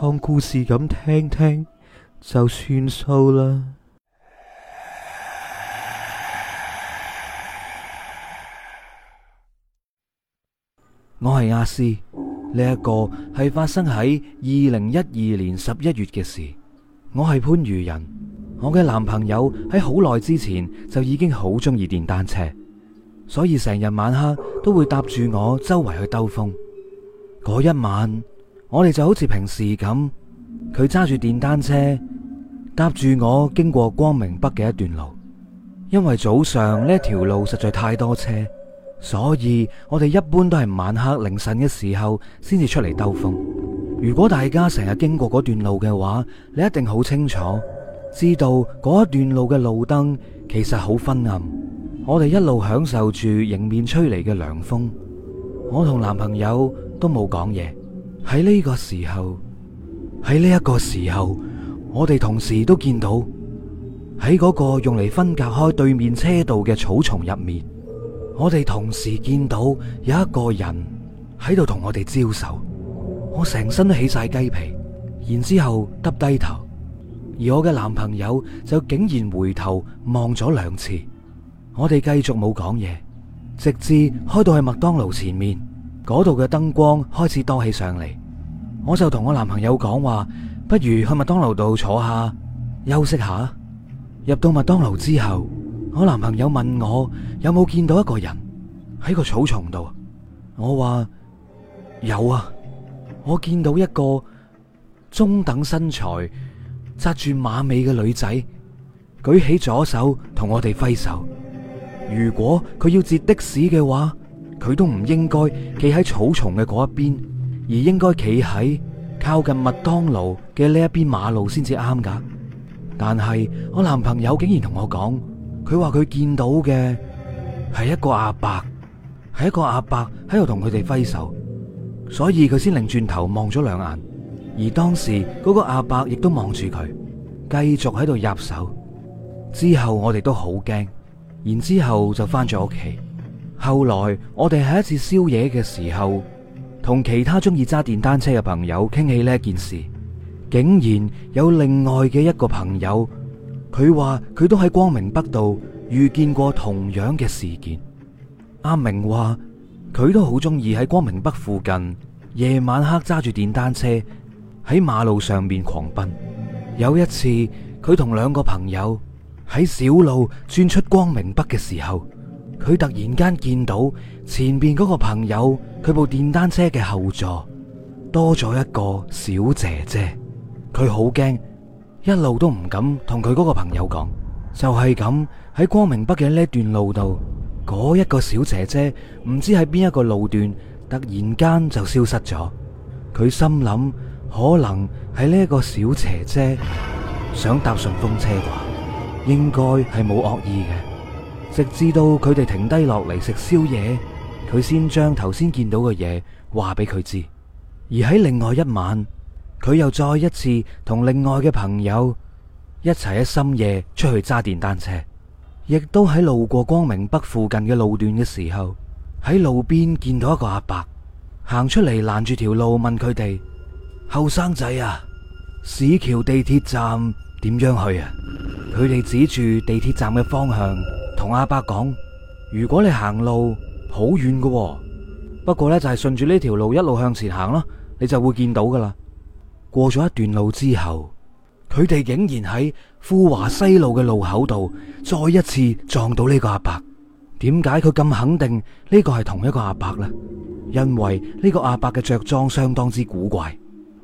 當故事咁聽聽就算數啦。我係阿詩，呢、這、一個係發生喺二零一二年十一月嘅事。我係番禺人，我嘅男朋友喺好耐之前就已經好中意電單車，所以成日晚黑都會搭住我周圍去兜風。嗰一晚。我哋就好似平時咁，佢揸住電單車搭住我經過光明北嘅一段路，因為早上呢條路實在太多車，所以我哋一般都係晚黑凌晨嘅時候先至出嚟兜風。如果大家成日經過嗰段路嘅話，你一定好清楚，知道嗰一段路嘅路燈其實好昏暗。我哋一路享受住迎面吹嚟嘅涼風，我同男朋友都冇講嘢。喺呢個時候，喺呢一個時候，我哋同時都見到喺嗰個用嚟分隔開對面車道嘅草叢入面，我哋同時見到有一個人喺度同我哋招手，我成身都起晒雞皮，然之後耷低頭，而我嘅男朋友就竟然回頭望咗兩次，我哋繼續冇講嘢，直至開到去麥當勞前面。嗰度嘅燈光開始多起上嚟，我就同我男朋友講話，不如去麥當勞度坐下休息下。入到麥當勞之後，我男朋友問我有冇見到一個人喺個草叢度。我話有啊，我見到一個中等身材紮住馬尾嘅女仔舉起左手同我哋揮手。如果佢要截的士嘅話，佢都唔應該企喺草叢嘅嗰一邊，而應該企喺靠近麥當勞嘅呢一邊馬路先至啱噶。但係我男朋友竟然同我講，佢話佢見到嘅係一個阿伯，係一個阿伯喺度同佢哋揮手，所以佢先擰轉頭望咗兩眼。而當時嗰個阿伯亦都望住佢，繼續喺度入手。之後我哋都好驚，然之後就翻咗屋企。後來我哋喺一次宵夜嘅時候，同其他中意揸電單車嘅朋友傾起呢件事，竟然有另外嘅一個朋友，佢話佢都喺光明北度遇見過同樣嘅事件。阿明話佢都好中意喺光明北附近夜晚黑揸住電單車喺馬路上面狂奔。有一次佢同兩個朋友喺小路轉出光明北嘅時候，佢突然間見到前邊嗰個朋友佢部電單車嘅後座多咗一個小姐姐，佢好驚，一路都唔敢同佢嗰個朋友講。就係咁喺光明北嘅呢段路度，嗰一個小姐姐唔知喺邊一個路段突然間就消失咗。佢心諗，可能係呢一個小姐姐想搭順風車啩，應該係冇惡意嘅。直至到佢哋停低落嚟食宵夜，佢先將頭先見到嘅嘢話俾佢知。而喺另外一晚，佢又再一次同另外嘅朋友一齊喺深夜出去揸電單車，亦都喺路過光明北附近嘅路段嘅時候，喺路邊見到一個阿伯行出嚟攔住條路問佢哋：後生仔啊，市橋地鐵站點樣去啊？佢哋指住地鐵站嘅方向。同阿伯講，如果你行路好遠嘅，不過呢就係順住呢條路一路向前行咯，你就會見到噶啦。過咗一段路之後，佢哋竟然喺富華西路嘅路口度再一次撞到呢個阿伯。點解佢咁肯定呢個係同一個阿伯呢？因為呢個阿伯嘅着裝相當之古怪，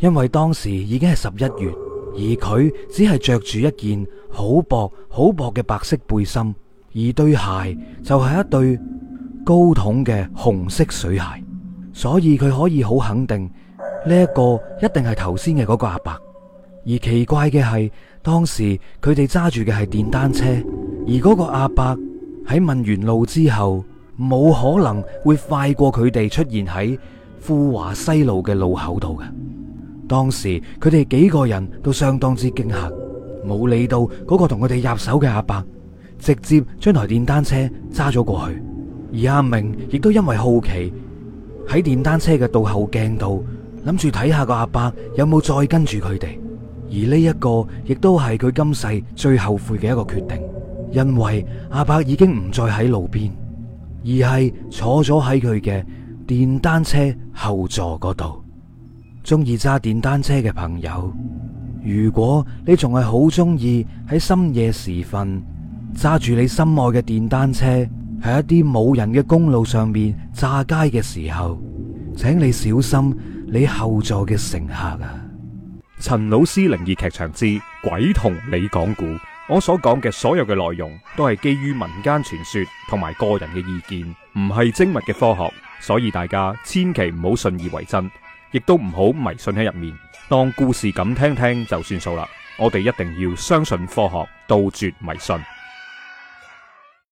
因為當時已經係十一月，而佢只係着住一件好薄好薄嘅白色背心。而對鞋就係一對高筒嘅紅色水鞋，所以佢可以好肯定呢一個一定係頭先嘅嗰個阿伯。而奇怪嘅係，當時佢哋揸住嘅係電單車，而嗰個阿伯喺問完路之後冇可能會快過佢哋出現喺富華西路嘅路口度嘅。當時佢哋幾個人都相當之驚嚇，冇理到嗰個同佢哋入手嘅阿伯。直接將台電單車揸咗過去，而阿明亦都因為好奇喺電單車嘅倒後鏡度諗住睇下個阿伯有冇再跟住佢哋，而呢一個亦都係佢今世最後悔嘅一個決定，因為阿伯已經唔再喺路邊，而係坐咗喺佢嘅電單車後座嗰度。中意揸電單車嘅朋友，如果你仲係好中意喺深夜時分，揸住你心愛嘅電單車喺一啲冇人嘅公路上面炸街嘅時候，請你小心你後座嘅乘客啊！陳老師靈異劇場之鬼同你講古，我所講嘅所有嘅內容都係基於民間傳說同埋個人嘅意見，唔係精密嘅科學，所以大家千祈唔好信以為真，亦都唔好迷信喺入面，當故事咁聽聽就算數啦。我哋一定要相信科學，杜絕迷信。